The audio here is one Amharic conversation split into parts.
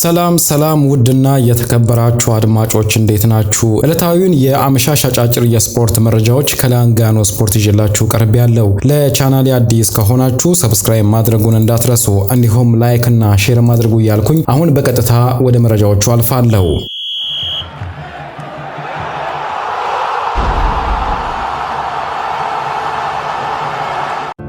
ሰላም ሰላም ውድና የተከበራችሁ አድማጮች እንዴት ናችሁ? ዕለታዊውን የአመሻሽ አጫጭር የስፖርት መረጃዎች ከላንጋኖ ስፖርት ይዤላችሁ ቀርብ ያለው። ለቻናሌ አዲስ ከሆናችሁ ሰብስክራይብ ማድረጉን እንዳትረሱ፣ እንዲሁም ላይክ እና ሼር ማድረጉ እያልኩኝ አሁን በቀጥታ ወደ መረጃዎቹ አልፋለሁ።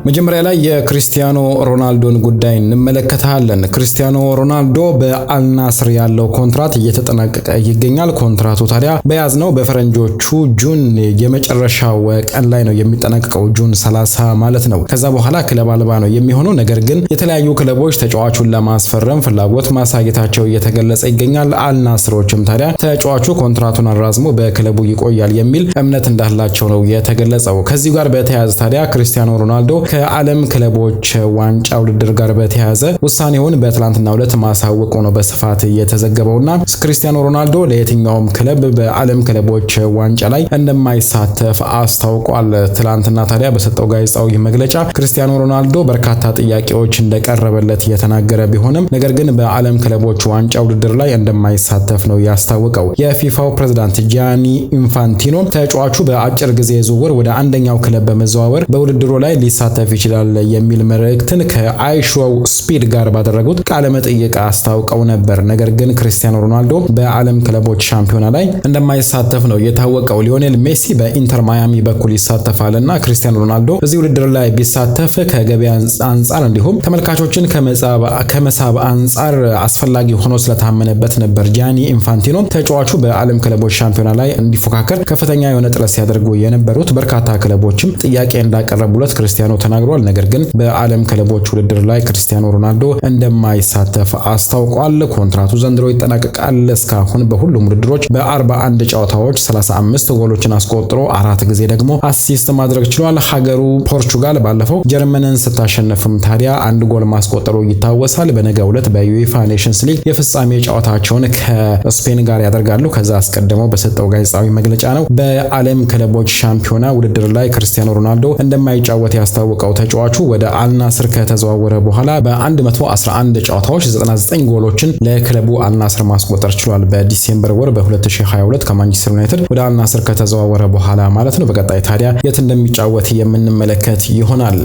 መጀመሪያ ላይ የክሪስቲያኖ ሮናልዶን ጉዳይ እንመለከታለን። ክሪስቲያኖ ሮናልዶ በአልናስር ያለው ኮንትራት እየተጠናቀቀ ይገኛል። ኮንትራቱ ታዲያ በያዝ ነው በፈረንጆቹ ጁን የመጨረሻው ቀን ላይ ነው የሚጠናቀቀው፣ ጁን 30 ማለት ነው። ከዛ በኋላ ክለብ አልባ ነው የሚሆነው። ነገር ግን የተለያዩ ክለቦች ተጫዋቹን ለማስፈረም ፍላጎት ማሳየታቸው እየተገለጸ ይገኛል። አልናስሮችም ታዲያ ተጫዋቹ ኮንትራቱን አራዝሞ በክለቡ ይቆያል የሚል እምነት እንዳላቸው ነው የተገለጸው። ከዚህ ጋር በተያያዘ ታዲያ ክሪስቲያኖ ሮናልዶ ከዓለም ክለቦች ዋንጫ ውድድር ጋር በተያያዘ ውሳኔውን በትላንትናው ዕለት ማሳወቁ ነው በስፋት እየተዘገበውና ክርስቲያኖ ሮናልዶ ለየትኛውም ክለብ በዓለም ክለቦች ዋንጫ ላይ እንደማይሳተፍ አስታውቋል። ትላንትና ታዲያ በሰጠው ጋዜጣዊ መግለጫ ክርስቲያኖ ሮናልዶ በርካታ ጥያቄዎች እንደቀረበለት የተናገረ ቢሆንም ነገር ግን በዓለም ክለቦች ዋንጫ ውድድር ላይ እንደማይሳተፍ ነው ያስታወቀው። የፊፋው ፕሬዝዳንት ጂያኒ ኢንፋንቲኖ ተጫዋቹ በአጭር ጊዜ ዝውውር ወደ አንደኛው ክለብ በመዘዋወር በውድድሩ ላይ ሊሳተፍ ሊያልፍ ይችላል የሚል መልእክትን ከአይሾው ስፒድ ጋር ባደረጉት ቃለ መጠይቅ አስታውቀው ነበር። ነገር ግን ክርስቲያኖ ሮናልዶ በዓለም ክለቦች ሻምፒዮና ላይ እንደማይሳተፍ ነው የታወቀው። ሊዮኔል ሜሲ በኢንተር ማያሚ በኩል ይሳተፋል እና ክርስቲያኖ ሮናልዶ እዚህ ውድድር ላይ ቢሳተፍ ከገበያ አንጻር እንዲሁም ተመልካቾችን ከመሳብ አንጻር አስፈላጊ ሆኖ ስለታመነበት ነበር ጃኒ ኢንፋንቲኖ ተጫዋቹ በዓለም ክለቦች ሻምፒዮና ላይ እንዲፎካከር ከፍተኛ የሆነ ጥረት ሲያደርጉ የነበሩት በርካታ ክለቦችም ጥያቄ እንዳቀረቡለት ክርስቲያኖ ተናግሯል። ተናግሯል። ነገር ግን በዓለም ክለቦች ውድድር ላይ ክርስቲያኖ ሮናልዶ እንደማይሳተፍ አስታውቋል። ኮንትራቱ ዘንድሮ ይጠናቀቃል። እስካሁን በሁሉም ውድድሮች በ41 ጨዋታዎች 35 ጎሎችን አስቆጥሮ አራት ጊዜ ደግሞ አሲስት ማድረግ ችሏል። ሀገሩ ፖርቹጋል ባለፈው ጀርመንን ስታሸነፍም ታዲያ አንድ ጎል ማስቆጠሩ ይታወሳል። በነገ ዕለት በዩኤፋ ኔሽንስ ሊግ የፍጻሜ ጨዋታቸውን ከስፔን ጋር ያደርጋሉ። ከዛ አስቀድሞ በሰጠው ጋዜጣዊ መግለጫ ነው በዓለም ክለቦች ሻምፒዮና ውድድር ላይ ክርስቲያኖ ሮናልዶ እንደማይጫወት ያስታወቀ ያስታወቀው ተጫዋቹ ወደ አልናስር ከተዘዋወረ በኋላ በ111 ጨዋታዎች 99 ጎሎችን ለክለቡ አልናስር ማስቆጠር ችሏል። በዲሴምበር ወር በ2022 ከማንቸስተር ዩናይትድ ወደ አልናስር ከተዘዋወረ በኋላ ማለት ነው። በቀጣይ ታዲያ የት እንደሚጫወት የምንመለከት ይሆናል።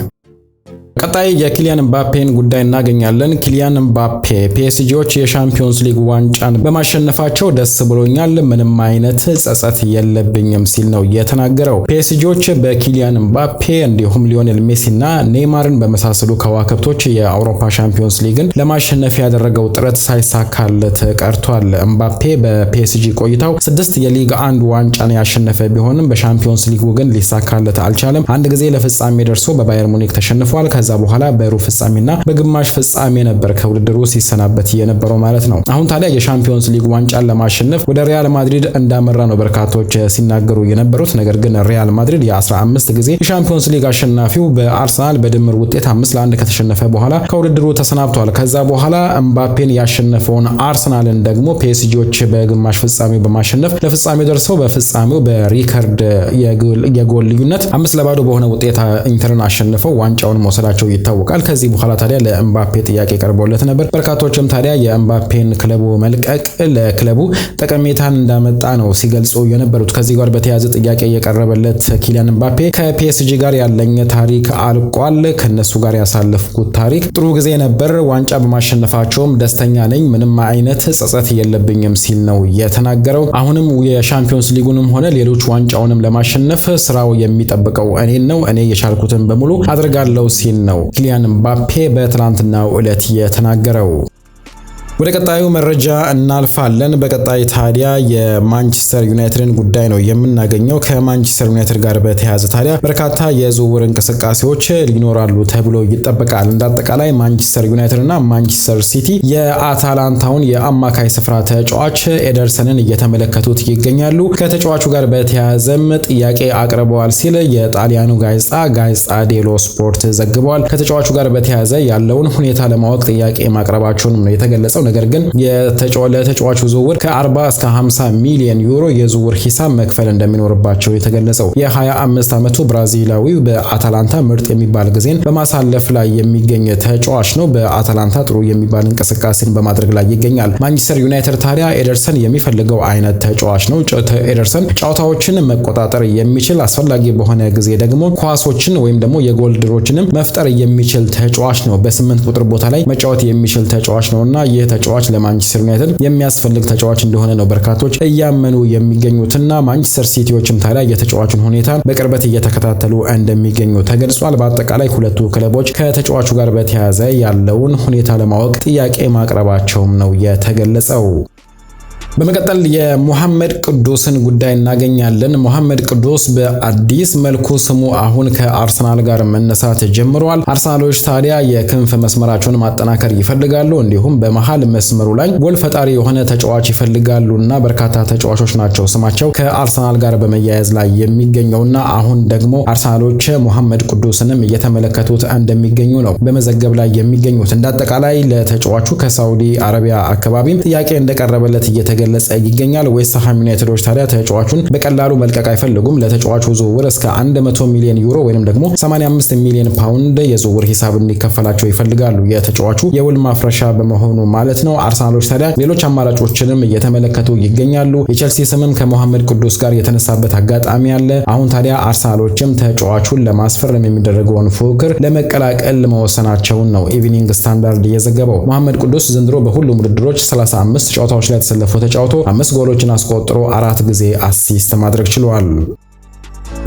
ቀጣይ የኪሊያን ምባፔን ጉዳይ እናገኛለን። ኪሊያን ምባፔ ፒኤስጂዎች የሻምፒዮንስ ሊግ ዋንጫን በማሸነፋቸው ደስ ብሎኛል፣ ምንም አይነት ጸጸት የለብኝም ሲል ነው የተናገረው። ፒኤስጂዎች በኪሊያን ምባፔ እንዲሁም ሊዮኔል ሜሲና ኔይማርን በመሳሰሉ ከዋክብቶች የአውሮፓ ሻምፒዮንስ ሊግን ለማሸነፍ ያደረገው ጥረት ሳይሳካለት ቀርቷል። ምባፔ በፒኤስጂ ቆይታው ስድስት የሊግ አንድ ዋንጫን ያሸነፈ ቢሆንም በሻምፒዮንስ ሊጉ ግን ሊሳካለት አልቻለም። አንድ ጊዜ ለፍጻሜ ደርሶ በባየር ሙኒክ ተሸንፏል። ከዛ በኋላ በሩብ ፍጻሜና በግማሽ ፍጻሜ ነበር ከውድድሩ ሲሰናበት የነበረው ማለት ነው። አሁን ታዲያ የሻምፒዮንስ ሊግ ዋንጫን ለማሸነፍ ወደ ሪያል ማድሪድ እንዳመራ ነው በርካቶች ሲናገሩ የነበሩት። ነገር ግን ሪያል ማድሪድ የ15 ጊዜ የሻምፒዮንስ ሊግ አሸናፊው በአርሰናል በድምር ውጤት አምስት ለአንድ ከተሸነፈ በኋላ ከውድድሩ ተሰናብቷል። ከዛ በኋላ እምባፔን ያሸነፈውን አርሰናልን ደግሞ ፒኤስጂዎች በግማሽ ፍጻሜው በማሸነፍ ለፍጻሜው ደርሰው በፍጻሜው በሪከርድ የጎል ልዩነት አምስት ለባዶ በሆነ ውጤት ኢንተርን አሸንፈው ዋንጫውን መውሰዳቸው መሆናቸው ይታወቃል። ከዚህ በኋላ ታዲያ ለእምባፔ ጥያቄ ቀርቦለት ነበር። በርካቶችም ታዲያ የእምባፔን ክለቡ መልቀቅ ለክለቡ ጠቀሜታን እንዳመጣ ነው ሲገልጹ የነበሩት። ከዚህ ጋር በተያያዘ ጥያቄ የቀረበለት ኪሊያን እምባፔ ከፒኤስጂ ጋር ያለኝ ታሪክ አልቋል። ከነሱ ጋር ያሳለፍኩት ታሪክ ጥሩ ጊዜ ነበር። ዋንጫ በማሸነፋቸውም ደስተኛ ነኝ። ምንም አይነት ጸጸት የለብኝም ሲል ነው የተናገረው። አሁንም የሻምፒዮንስ ሊጉንም ሆነ ሌሎች ዋንጫውንም ለማሸነፍ ስራው የሚጠብቀው እኔን ነው። እኔ የቻልኩትን በሙሉ አድርጋለሁ ሲል ነው ኪሊያን ምባፔ በትላንትናው ዕለት የተናገረው። ወደ ቀጣዩ መረጃ እናልፋለን። በቀጣይ ታዲያ የማንቸስተር ዩናይትድን ጉዳይ ነው የምናገኘው። ከማንቸስተር ዩናይትድ ጋር በተያያዘ ታዲያ በርካታ የዝውውር እንቅስቃሴዎች ሊኖራሉ ተብሎ ይጠበቃል። እንዳጠቃላይ ማንቸስተር ዩናይትድ እና ማንቸስተር ሲቲ የአታላንታውን የአማካይ ስፍራ ተጫዋች ኤደርሰንን እየተመለከቱት ይገኛሉ። ከተጫዋቹ ጋር በተያያዘም ጥያቄ አቅርበዋል ሲል የጣሊያኑ ጋዜጣ ጋዜጣ ዴሎ ስፖርት ዘግበዋል። ከተጫዋቹ ጋር በተያያዘ ያለውን ሁኔታ ለማወቅ ጥያቄ ማቅረባቸውንም ነው የተገለጸው። ነገር ግን ለተጫዋቹ ዝውውር ከ40 እስከ 50 ሚሊዮን ዩሮ የዝውውር ሂሳብ መክፈል እንደሚኖርባቸው የተገለጸው የ25 ዓመቱ ብራዚላዊው በአታላንታ ምርጥ የሚባል ጊዜን በማሳለፍ ላይ የሚገኝ ተጫዋች ነው። በአታላንታ ጥሩ የሚባል እንቅስቃሴን በማድረግ ላይ ይገኛል። ማንቸስተር ዩናይትድ ታዲያ ኤደርሰን የሚፈልገው አይነት ተጫዋች ነው። ኤደርሰን ጨዋታዎችን መቆጣጠር የሚችል አስፈላጊ በሆነ ጊዜ ደግሞ ኳሶችን ወይም ደግሞ የጎል ድሮችንም መፍጠር የሚችል ተጫዋች ነው። በስምንት ቁጥር ቦታ ላይ መጫወት የሚችል ተጫዋች ነው እና ይህ ተጫዋች ለማንቸስተር ዩናይትድ የሚያስፈልግ ተጫዋች እንደሆነ ነው በርካቶች እያመኑ የሚገኙትና ማንቸስተር ሲቲዎችም ታዲያ የተጫዋቹን ሁኔታ በቅርበት እየተከታተሉ እንደሚገኙ ተገልጿል። በአጠቃላይ ሁለቱ ክለቦች ከተጫዋቹ ጋር በተያያዘ ያለውን ሁኔታ ለማወቅ ጥያቄ ማቅረባቸውም ነው የተገለጸው። በመቀጠል የሙሐመድ ቅዱስን ጉዳይ እናገኛለን። ሙሐመድ ቅዱስ በአዲስ መልኩ ስሙ አሁን ከአርሰናል ጋር መነሳት ጀምሯል። አርሰናሎች ታዲያ የክንፍ መስመራቸውን ማጠናከር ይፈልጋሉ፣ እንዲሁም በመሃል መስመሩ ላይ ጎል ፈጣሪ የሆነ ተጫዋች ይፈልጋሉ እና በርካታ ተጫዋቾች ናቸው ስማቸው ከአርሰናል ጋር በመያያዝ ላይ የሚገኘውና አሁን ደግሞ አርሰናሎች ሙሐመድ ቅዱስንም እየተመለከቱት እንደሚገኙ ነው በመዘገብ ላይ የሚገኙት። እንዳጠቃላይ ለተጫዋቹ ከሳውዲ አረቢያ አካባቢም ጥያቄ እንደቀረበለት እየተገ እየገለጸ ይገኛል። ዌስት ሃም ዩናይትዶች ታዲያ ተጫዋቹን በቀላሉ መልቀቅ አይፈልጉም። ለተጫዋቹ ዝውውር እስከ 100 ሚሊዮን ዩሮ ወይም ደግሞ 85 ሚሊዮን ፓውንድ የዝውውር ሂሳብ እንዲከፈላቸው ይፈልጋሉ። የተጫዋቹ የውል ማፍረሻ በመሆኑ ማለት ነው። አርሰናሎች ታዲያ ሌሎች አማራጮችንም እየተመለከቱ ይገኛሉ። የቸልሲ ስምም ከሞሐመድ ቅዱስ ጋር የተነሳበት አጋጣሚ አለ። አሁን ታዲያ አርሰናሎችም ተጫዋቹን ለማስፈረም የሚደረገውን ፉክክር ለመቀላቀል መወሰናቸውን ነው ኢቪኒንግ ስታንዳርድ የዘገበው። መሐመድ ቅዱስ ዘንድሮ በሁሉም ውድድሮች 35 ጨዋታዎች ላይ ተሰልፎ ተጫውቶ አምስት ጎሎችን አስቆጥሮ አራት ጊዜ አሲስት ማድረግ ችሏል።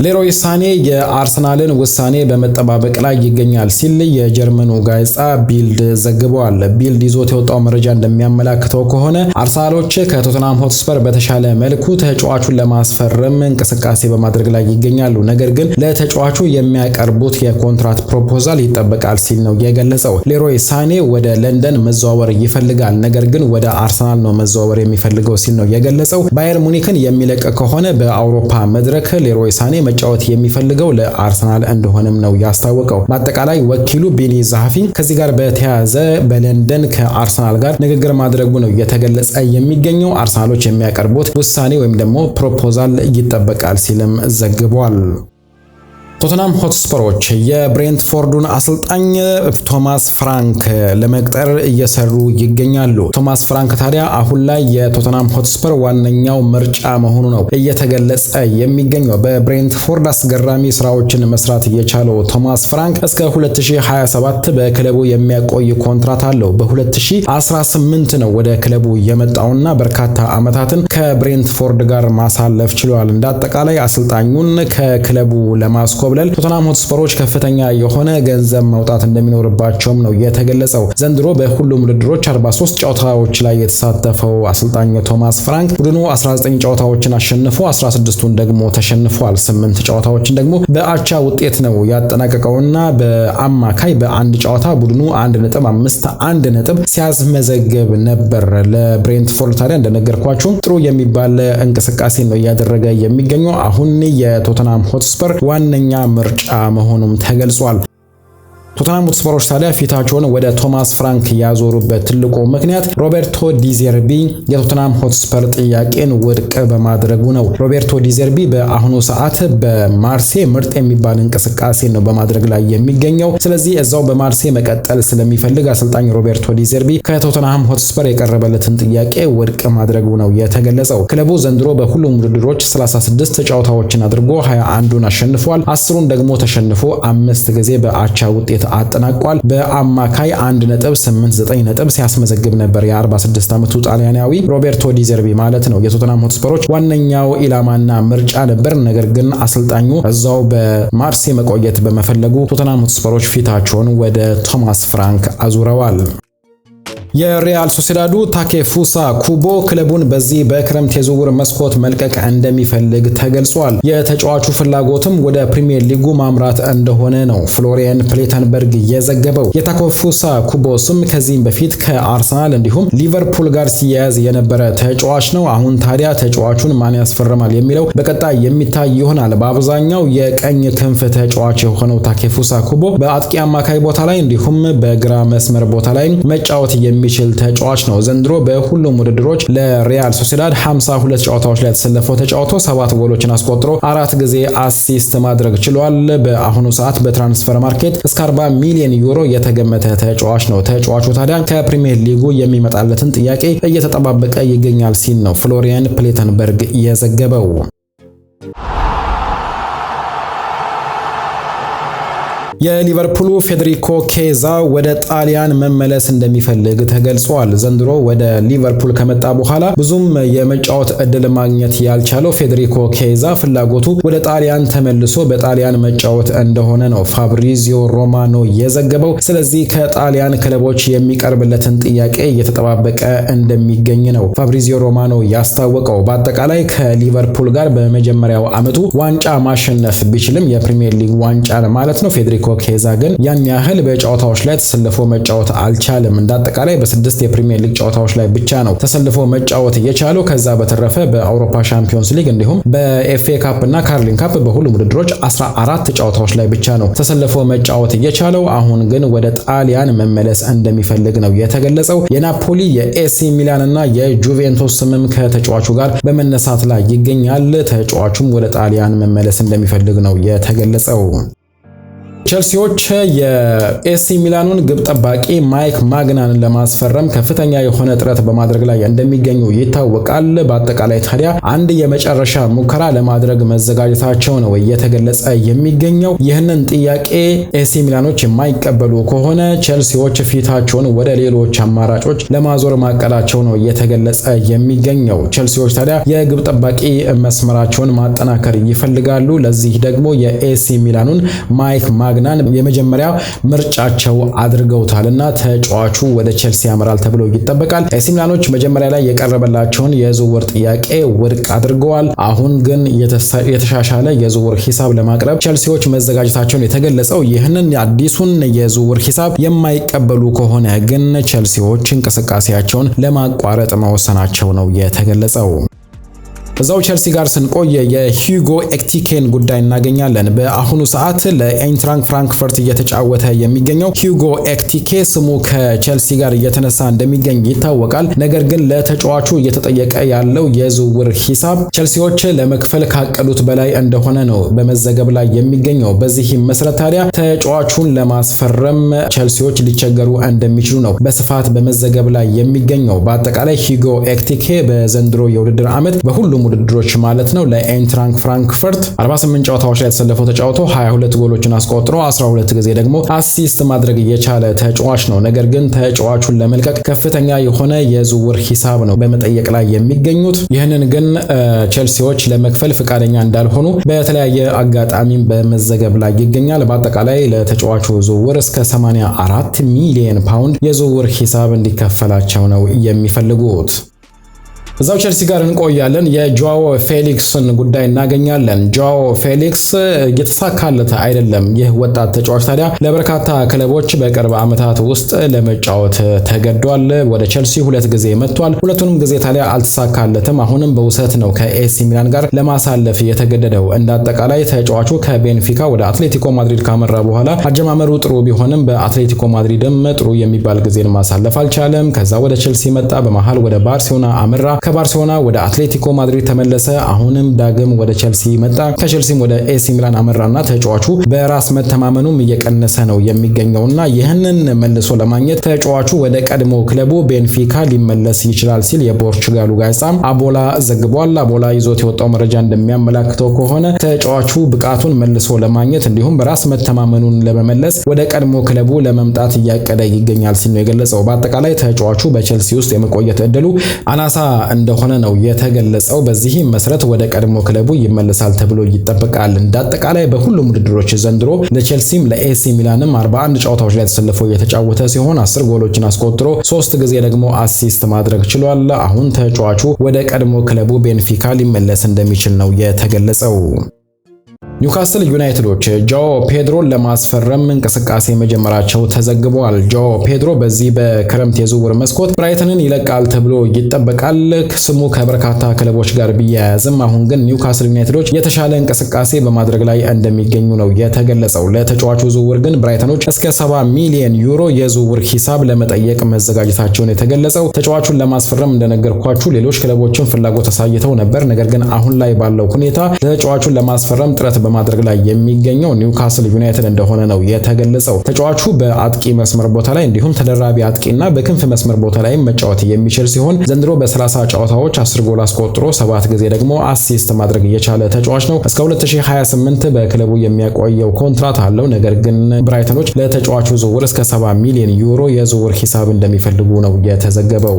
ሌሮይ ሳኔ የአርሰናልን ውሳኔ በመጠባበቅ ላይ ይገኛል ሲል የጀርመኑ ጋዜጣ ቢልድ ዘግበዋል። ቢልድ ይዞት የወጣው መረጃ እንደሚያመላክተው ከሆነ አርሰናሎች ከቶተናም ሆትስፐር በተሻለ መልኩ ተጫዋቹን ለማስፈረም እንቅስቃሴ በማድረግ ላይ ይገኛሉ። ነገር ግን ለተጫዋቹ የሚያቀርቡት የኮንትራት ፕሮፖዛል ይጠበቃል ሲል ነው የገለጸው። ሌሮይ ሳኔ ወደ ለንደን መዘዋወር ይፈልጋል፣ ነገር ግን ወደ አርሰናል ነው መዘዋወር የሚፈልገው ሲል ነው የገለጸው። ባየር ሙኒክን የሚለቅ ከሆነ በአውሮፓ መድረክ ሌሮይ ሳኔ መጫወት የሚፈልገው ለአርሰናል እንደሆነም ነው ያስታወቀው። በአጠቃላይ ወኪሉ ቢኒ ዛሃፊ ከዚህ ጋር በተያያዘ በለንደን ከአርሰናል ጋር ንግግር ማድረጉ ነው እየተገለጸ የሚገኘው። አርሰናሎች የሚያቀርቡት ውሳኔ ወይም ደግሞ ፕሮፖዛል ይጠበቃል ሲልም ዘግቧል። ቶትናም ሆትስፐሮች የብሬንትፎርዱን አሰልጣኝ ቶማስ ፍራንክ ለመቅጠር እየሰሩ ይገኛሉ። ቶማስ ፍራንክ ታዲያ አሁን ላይ የቶትናም ሆትስፐር ዋነኛው ምርጫ መሆኑ ነው እየተገለጸ የሚገኘው። በብሬንትፎርድ አስገራሚ ስራዎችን መስራት እየቻለው ቶማስ ፍራንክ እስከ 2027 በክለቡ የሚያቆይ ኮንትራት አለው። በ2018 ነው ወደ ክለቡ የመጣውና በርካታ ዓመታትን ከብሬንትፎርድ ጋር ማሳለፍ ችሏል። እንዳጠቃላይ አሰልጣኙን ከክለቡ ለማስኮ ማስኮብለል ቶተናም ሆትስፐሮች ከፍተኛ የሆነ ገንዘብ ማውጣት እንደሚኖርባቸውም ነው የተገለጸው። ዘንድሮ በሁሉም ውድድሮች 43 ጨዋታዎች ላይ የተሳተፈው አሰልጣኝ ቶማስ ፍራንክ ቡድኑ 19 ጨዋታዎችን አሸንፎ 16ቱን ደግሞ ተሸንፏል። 8 ጨዋታዎችን ደግሞ በአቻ ውጤት ነው ያጠናቀቀውና በአማካይ በአንድ ጨዋታ ቡድኑ 151 ነጥብ 5 አንድ ነጥብ ሲያስመዘግብ ነበር። ለብሬንትፎርድ ታዲያ እንደነገርኳችሁ ጥሩ የሚባል እንቅስቃሴ ነው እያደረገ የሚገኘው። አሁን የቶተናም ሆትስፐር ዋነኛ ምርጫ መሆኑም ተገልጿል። ቶተናም ሆትስፐሮች ታዲያ ፊታቸውን ወደ ቶማስ ፍራንክ ያዞሩበት ትልቁ ምክንያት ሮቤርቶ ዲዘርቢ የቶተናም ሆትስፐር ጥያቄን ውድቅ በማድረጉ ነው። ሮቤርቶ ዲዘርቢ በአሁኑ ሰዓት በማርሴ ምርጥ የሚባል እንቅስቃሴ ነው በማድረግ ላይ የሚገኘው። ስለዚህ እዛው በማርሴ መቀጠል ስለሚፈልግ አሰልጣኝ ሮቤርቶ ዲዘርቢ ከቶተንሃም ሆትስፐር የቀረበለትን ጥያቄ ውድቅ ማድረጉ ነው የተገለጸው። ክለቡ ዘንድሮ በሁሉም ውድድሮች 36 ጨዋታዎችን አድርጎ 21ዱን አሸንፏል። አስሩን ደግሞ ተሸንፎ አምስት ጊዜ በአቻ ውጤት አጠናቋል። በአማካይ 1.89 ነጥብ ሲያስመዘግብ ነበር የ46 ዓመቱ ጣሊያናዊ ሮቤርቶ ዲዘርቢ ማለት ነው። የቶተናም ሆትስፐሮች ዋነኛው ኢላማና ምርጫ ነበር። ነገር ግን አሰልጣኙ እዛው በማርሴ መቆየት በመፈለጉ ቶተናም ሆትስፐሮች ፊታቸውን ወደ ቶማስ ፍራንክ አዙረዋል። የሪያል ሶሴዳዱ ታኬፉሳ ኩቦ ክለቡን በዚህ በክረምት የዝውውር መስኮት መልቀቅ እንደሚፈልግ ተገልጿል። የተጫዋቹ ፍላጎትም ወደ ፕሪምየር ሊጉ ማምራት እንደሆነ ነው ፍሎሪያን ፕሌተንበርግ የዘገበው። የታኬፉሳ ኩቦ ስም ከዚህም በፊት ከአርሰናል እንዲሁም ሊቨርፑል ጋር ሲያያዝ የነበረ ተጫዋች ነው። አሁን ታዲያ ተጫዋቹን ማን ያስፈርማል የሚለው በቀጣይ የሚታይ ይሆናል። በአብዛኛው የቀኝ ክንፍ ተጫዋች የሆነው ታኬፉሳ ኩቦ በአጥቂ አማካይ ቦታ ላይ እንዲሁም በግራ መስመር ቦታ ላይ መጫወት የሚ የሚችል ተጫዋች ነው። ዘንድሮ በሁሉም ውድድሮች ለሪያል ሶሲዳድ 52 ጨዋታዎች ላይ ተሰልፎ ተጫውቶ ሰባት ጎሎችን አስቆጥሮ አራት ጊዜ አሲስት ማድረግ ችሏል። በአሁኑ ሰዓት በትራንስፈር ማርኬት እስከ 40 ሚሊዮን ዩሮ የተገመተ ተጫዋች ነው። ተጫዋቹ ታዲያ ከፕሪሚየር ሊጉ የሚመጣለትን ጥያቄ እየተጠባበቀ ይገኛል ሲል ነው ፍሎሪያን ፕሌተንበርግ የዘገበው። የሊቨርፑሉ ፌዴሪኮ ኬዛ ወደ ጣሊያን መመለስ እንደሚፈልግ ተገልጿል። ዘንድሮ ወደ ሊቨርፑል ከመጣ በኋላ ብዙም የመጫወት እድል ማግኘት ያልቻለው ፌዴሪኮ ኬዛ ፍላጎቱ ወደ ጣሊያን ተመልሶ በጣሊያን መጫወት እንደሆነ ነው ፋብሪዚዮ ሮማኖ የዘገበው። ስለዚህ ከጣሊያን ክለቦች የሚቀርብለትን ጥያቄ እየተጠባበቀ እንደሚገኝ ነው ፋብሪዚዮ ሮማኖ ያስታወቀው። በአጠቃላይ ከሊቨርፑል ጋር በመጀመሪያው ዓመቱ ዋንጫ ማሸነፍ ቢችልም የፕሪሚየር ሊግ ዋንጫ ማለት ነው ፌዴሪኮ ኒኮ ኬዛ ግን ያን ያህል በጨዋታዎች ላይ ተሰልፎ መጫወት አልቻለም። እንደ አጠቃላይ በስድስት የፕሪሚየር ሊግ ጨዋታዎች ላይ ብቻ ነው ተሰልፎ መጫወት የቻለው። ከዛ በተረፈ በአውሮፓ ሻምፒዮንስ ሊግ እንዲሁም በኤፍኤ ካፕ እና ካርሊን ካፕ በሁሉም ውድድሮች 14 ጨዋታዎች ላይ ብቻ ነው ተሰልፎ መጫወት የቻለው። አሁን ግን ወደ ጣሊያን መመለስ እንደሚፈልግ ነው የተገለጸው። የናፖሊ የኤሲ ሚላን እና የጁቬንቱስ ስምም ከተጫዋቹ ጋር በመነሳት ላይ ይገኛል። ተጫዋቹም ወደ ጣሊያን መመለስ እንደሚፈልግ ነው የተገለጸው። ቸልሲዎች የኤሲ ሚላኑን ግብ ጠባቂ ማይክ ማግናንን ለማስፈረም ከፍተኛ የሆነ ጥረት በማድረግ ላይ እንደሚገኙ ይታወቃል። በአጠቃላይ ታዲያ አንድ የመጨረሻ ሙከራ ለማድረግ መዘጋጀታቸው ነው እየተገለጸ የሚገኘው። ይህንን ጥያቄ ኤሲ ሚላኖች የማይቀበሉ ከሆነ ቸልሲዎች ፊታቸውን ወደ ሌሎች አማራጮች ለማዞር ማቀዳቸው ነው እየተገለጸ የሚገኘው። ቸልሲዎች ታዲያ የግብ ጠባቂ መስመራቸውን ማጠናከር ይፈልጋሉ። ለዚህ ደግሞ የኤሲ ሚላኑን ማይክ አርሰናል የመጀመሪያ ምርጫቸው አድርገውታልና ተጫዋቹ ወደ ቼልሲ ያመራል ተብሎ ይጠበቃል። ኤሲ ሚላኖች መጀመሪያ ላይ የቀረበላቸውን የዝውውር ጥያቄ ውድቅ አድርገዋል። አሁን ግን የተሻሻለ የዝውውር ሂሳብ ለማቅረብ ቼልሲዎች መዘጋጀታቸውን የተገለጸው ይህንን አዲሱን የዝውውር ሂሳብ የማይቀበሉ ከሆነ ግን ቼልሲዎች እንቅስቃሴያቸውን ለማቋረጥ መወሰናቸው ነው የተገለጸው። እዛው ቸልሲ ጋር ስንቆየ የሂጎ ኤክቲኬን ጉዳይ እናገኛለን። በአሁኑ ሰዓት ለኤንትራንክ ፍራንክፈርት እየተጫወተ የሚገኘው ሂጎ ኤክቲኬ ስሙ ከቸልሲ ጋር እየተነሳ እንደሚገኝ ይታወቃል። ነገር ግን ለተጫዋቹ እየተጠየቀ ያለው የዝውውር ሂሳብ ቸልሲዎች ለመክፈል ካቀዱት በላይ እንደሆነ ነው በመዘገብ ላይ የሚገኘው። በዚህም መሰረት ታዲያ ተጫዋቹን ለማስፈረም ቸልሲዎች ሊቸገሩ እንደሚችሉ ነው በስፋት በመዘገብ ላይ የሚገኘው። በአጠቃላይ ሂጎ ኤክቲኬ በዘንድሮ የውድድር ዓመት በሁሉም ውድድሮች ማለት ነው ለኤንትራንክ ፍራንክፈርት 48 ጨዋታዎች ላይ የተሰለፈው ተጫውቶ 22 ጎሎችን አስቆጥሮ 12 ጊዜ ደግሞ አሲስት ማድረግ የቻለ ተጫዋች ነው። ነገር ግን ተጫዋቹን ለመልቀቅ ከፍተኛ የሆነ የዝውውር ሂሳብ ነው በመጠየቅ ላይ የሚገኙት። ይህንን ግን ቼልሲዎች ለመክፈል ፈቃደኛ እንዳልሆኑ በተለያየ አጋጣሚም በመዘገብ ላይ ይገኛል። በአጠቃላይ ለተጫዋቹ ዝውውር እስከ 84 ሚሊዮን ፓውንድ የዝውውር ሂሳብ እንዲከፈላቸው ነው የሚፈልጉት። እዛው ቸልሲ ጋር እንቆያለን። የጆአዎ ፌሊክስን ጉዳይ እናገኛለን። ጆአዎ ፌሊክስ የተሳካለት አይደለም። ይህ ወጣት ተጫዋች ታዲያ ለበርካታ ክለቦች በቅርብ ዓመታት ውስጥ ለመጫወት ተገዷል። ወደ ቸልሲ ሁለት ጊዜ መጥቷል። ሁለቱንም ጊዜ ታዲያ አልተሳካለትም። አሁንም በውሰት ነው ከኤሲ ሚላን ጋር ለማሳለፍ የተገደደው። እንደ አጠቃላይ ተጫዋቹ ከቤንፊካ ወደ አትሌቲኮ ማድሪድ ካመራ በኋላ አጀማመሩ ጥሩ ቢሆንም በአትሌቲኮ ማድሪድም ጥሩ የሚባል ጊዜን ማሳለፍ አልቻለም። ከዛ ወደ ቸልሲ መጣ። በመሃል ወደ ባርሴሎና አመራ። ከባርሴሎና ወደ አትሌቲኮ ማድሪድ ተመለሰ። አሁንም ዳግም ወደ ቸልሲ መጣ። ከቸልሲም ወደ ኤሲ ሚላን አመራና ተጫዋቹ በራስ መተማመኑም እየቀነሰ ነው የሚገኘውና ይህንን መልሶ ለማግኘት ተጫዋቹ ወደ ቀድሞ ክለቡ ቤንፊካ ሊመለስ ይችላል ሲል የፖርቹጋሉ ጋዜጣ አቦላ ዘግቧል። አቦላ ይዞት የወጣው መረጃ እንደሚያመላክተው ከሆነ ተጫዋቹ ብቃቱን መልሶ ለማግኘት እንዲሁም በራስ መተማመኑን ለመመለስ ወደ ቀድሞ ክለቡ ለመምጣት እያቀደ ይገኛል ሲል ነው የገለጸው። በአጠቃላይ ተጫዋቹ በቸልሲ ውስጥ የመቆየት እድሉ አናሳ እንደሆነ ነው የተገለጸው። በዚህም መሰረት ወደ ቀድሞ ክለቡ ይመለሳል ተብሎ ይጠበቃል። እንዳጠቃላይ በሁሉም ውድድሮች ዘንድሮ ለቼልሲም ለኤሲ ሚላንም 41 ጨዋታዎች ላይ ተሰልፎ የተጫወተ ሲሆን 10 ጎሎችን አስቆጥሮ ሶስት ጊዜ ደግሞ አሲስት ማድረግ ችሏል። አሁን ተጫዋቹ ወደ ቀድሞ ክለቡ ቤንፊካ ሊመለስ እንደሚችል ነው የተገለጸው። ኒውካስትል ዩናይትዶች ጆ ፔድሮን ለማስፈረም እንቅስቃሴ መጀመራቸው ተዘግቧል። ጆ ፔድሮ በዚህ በክረምት የዝውውር መስኮት ብራይተንን ይለቃል ተብሎ ይጠበቃል። ስሙ ከበርካታ ክለቦች ጋር ቢያያዝም አሁን ግን ኒውካስትል ዩናይትዶች የተሻለ እንቅስቃሴ በማድረግ ላይ እንደሚገኙ ነው የተገለጸው። ለተጫዋቹ ዝውውር ግን ብራይተኖች እስከ 70 ሚሊዮን ዩሮ የዝውውር ሂሳብ ለመጠየቅ መዘጋጀታቸውን የተገለጸው። ተጫዋቹን ለማስፈረም እንደነገርኳችሁ ሌሎች ክለቦችን ፍላጎት አሳይተው ነበር። ነገር ግን አሁን ላይ ባለው ሁኔታ ተጫዋቹን ለማስፈረም ጥረት በማድረግ ላይ የሚገኘው ኒውካስል ዩናይትድ እንደሆነ ነው የተገለጸው። ተጫዋቹ በአጥቂ መስመር ቦታ ላይ እንዲሁም ተደራቢ አጥቂና በክንፍ መስመር ቦታ ላይ መጫወት የሚችል ሲሆን ዘንድሮ በ30 ጨዋታዎች 10 ጎል አስቆጥሮ ሰባት ጊዜ ደግሞ አሲስት ማድረግ የቻለ ተጫዋች ነው። እስከ 2028 በክለቡ የሚያቆየው ኮንትራት አለው። ነገር ግን ብራይተኖች ለተጫዋቹ ዝውውር እስከ 70 ሚሊዮን ዩሮ የዝውውር ሂሳብ እንደሚፈልጉ ነው የተዘገበው።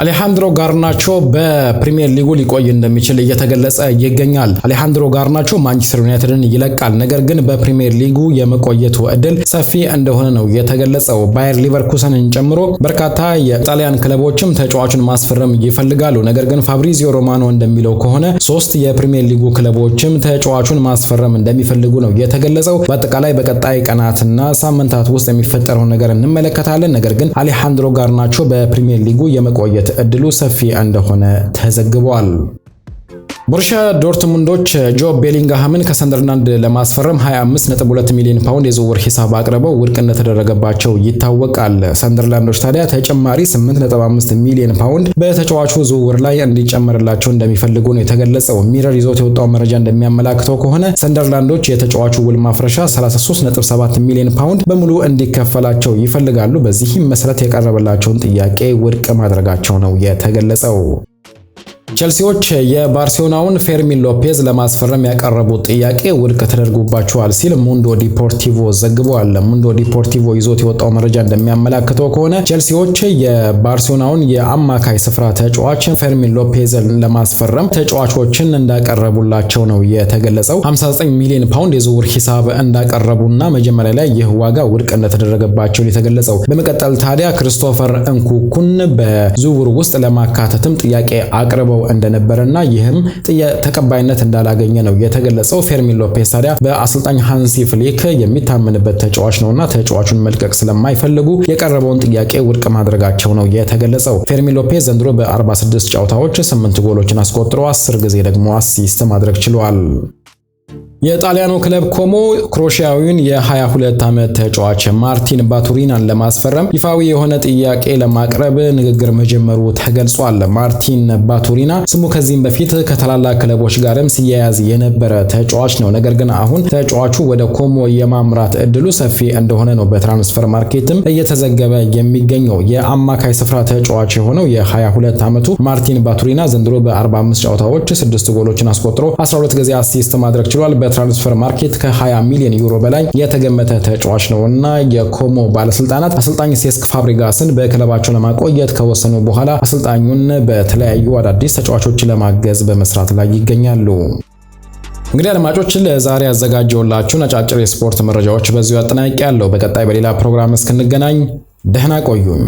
አሌሃንድሮ ጋርናቾ በፕሪሚየር ሊጉ ሊቆይ እንደሚችል እየተገለጸ ይገኛል። አሌሃንድሮ ጋርናቾ ማንቸስተር ዩናይትድን ይለቃል፣ ነገር ግን በፕሪሚየር ሊጉ የመቆየቱ እድል ሰፊ እንደሆነ ነው የተገለጸው። ባየር ሊቨርኩሰንን ጨምሮ በርካታ የጣሊያን ክለቦችም ተጫዋቹን ማስፈረም ይፈልጋሉ። ነገር ግን ፋብሪዚዮ ሮማኖ እንደሚለው ከሆነ ሶስት የፕሪሚየር ሊጉ ክለቦችም ተጫዋቹን ማስፈረም እንደሚፈልጉ ነው የተገለጸው። በአጠቃላይ በቀጣይ ቀናትና ሳምንታት ውስጥ የሚፈጠረውን ነገር እንመለከታለን። ነገር ግን አሌሃንድሮ ጋርናቾ በፕሪሚየር ሊጉ የመቆየት እድሉ ሰፊ እንደሆነ ተዘግቧል። ቦርሻ ዶርትሙንዶች ጆ ቤሊንግሃምን ከሰንደርላንድ ለማስፈረም 25.2 ሚሊዮን ፓውንድ የዝውውር ሂሳብ አቅርበው ውድቅ እንደተደረገባቸው ይታወቃል። ሰንደርላንዶች ታዲያ ተጨማሪ 8.5 ሚሊዮን ፓውንድ በተጫዋቹ ዝውውር ላይ እንዲጨመርላቸው እንደሚፈልጉ ነው የተገለጸው። ሚረር ይዞት የወጣው መረጃ እንደሚያመላክተው ከሆነ ሰንደርላንዶች የተጫዋቹ ውል ማፍረሻ 33.7 ሚሊዮን ፓውንድ በሙሉ እንዲከፈላቸው ይፈልጋሉ። በዚህም መሰረት የቀረበላቸውን ጥያቄ ውድቅ ማድረጋቸው ነው የተገለጸው። ቸልሲዎች የባርሴሎናውን ፌርሚን ሎፔዝ ለማስፈረም ያቀረቡት ጥያቄ ውድቅ ተደርጎባቸዋል ሲል ሙንዶ ዲፖርቲቮ ዘግቧል። ሙንዶ ዲፖርቲቮ ይዞት የወጣው መረጃ እንደሚያመላክተው ከሆነ ቸልሲዎች የባርሴሎናውን የአማካይ ስፍራ ተጫዋች ፌርሚን ሎፔዝን ለማስፈረም ተጫዋቾችን እንዳቀረቡላቸው ነው የተገለጸው። 59 ሚሊዮን ፓውንድ የዝውውር ሂሳብ እንዳቀረቡና መጀመሪያ ላይ ይህ ዋጋ ውድቅ እንደተደረገባቸው የተገለጸው። በመቀጠል ታዲያ ክርስቶፈር እንኩኩን በዝውውር ውስጥ ለማካተትም ጥያቄ አቅርበው እንደነበረና ይህም ተቀባይነት እንዳላገኘ ነው የተገለጸው። ፌርሚን ሎፔስ ታዲያ በአሰልጣኝ ሃንሲ ፍሊክ የሚታመንበት ተጫዋች ነውና ተጫዋቹን መልቀቅ ስለማይፈልጉ የቀረበውን ጥያቄ ውድቅ ማድረጋቸው ነው የተገለጸው። ፌርሚን ሎፔስ ዘንድሮ በ46 ጨዋታዎች 8 ጎሎችን አስቆጥሮ 10 ጊዜ ደግሞ አሲስት ማድረግ ችሏል። የጣሊያኑ ክለብ ኮሞ ክሮሺያዊውን የ22 ዓመት ተጫዋች ማርቲን ባቱሪናን ለማስፈረም ይፋዊ የሆነ ጥያቄ ለማቅረብ ንግግር መጀመሩ ተገልጿል። ማርቲን ባቱሪና ስሙ ከዚህም በፊት ከታላላቅ ክለቦች ጋርም ሲያያዝ የነበረ ተጫዋች ነው። ነገር ግን አሁን ተጫዋቹ ወደ ኮሞ የማምራት እድሉ ሰፊ እንደሆነ ነው በትራንስፈር ማርኬትም እየተዘገበ የሚገኘው። የአማካይ ስፍራ ተጫዋች የሆነው የ22 ዓመቱ ማርቲን ባቱሪና ዘንድሮ በ45 ጨዋታዎች 6 ጎሎችን አስቆጥሮ 12 ጊዜ አሲስት ማድረግ ችሏል። በትራንስፈር ማርኬት ከ20 ሚሊዮን ዩሮ በላይ የተገመተ ተጫዋች ነው እና የኮሞ ባለስልጣናት አሰልጣኝ ሴስክ ፋብሪጋስን በክለባቸው ለማቆየት ከወሰኑ በኋላ አሰልጣኙን በተለያዩ አዳዲስ ተጫዋቾች ለማገዝ በመስራት ላይ ይገኛሉ። እንግዲህ አድማጮች ለዛሬ ያዘጋጀውላችሁ አጫጭር የስፖርት መረጃዎች በዚሁ አጠናቂ በቀጣይ በሌላ ፕሮግራም እስክንገናኝ ደህና ቆዩኝ።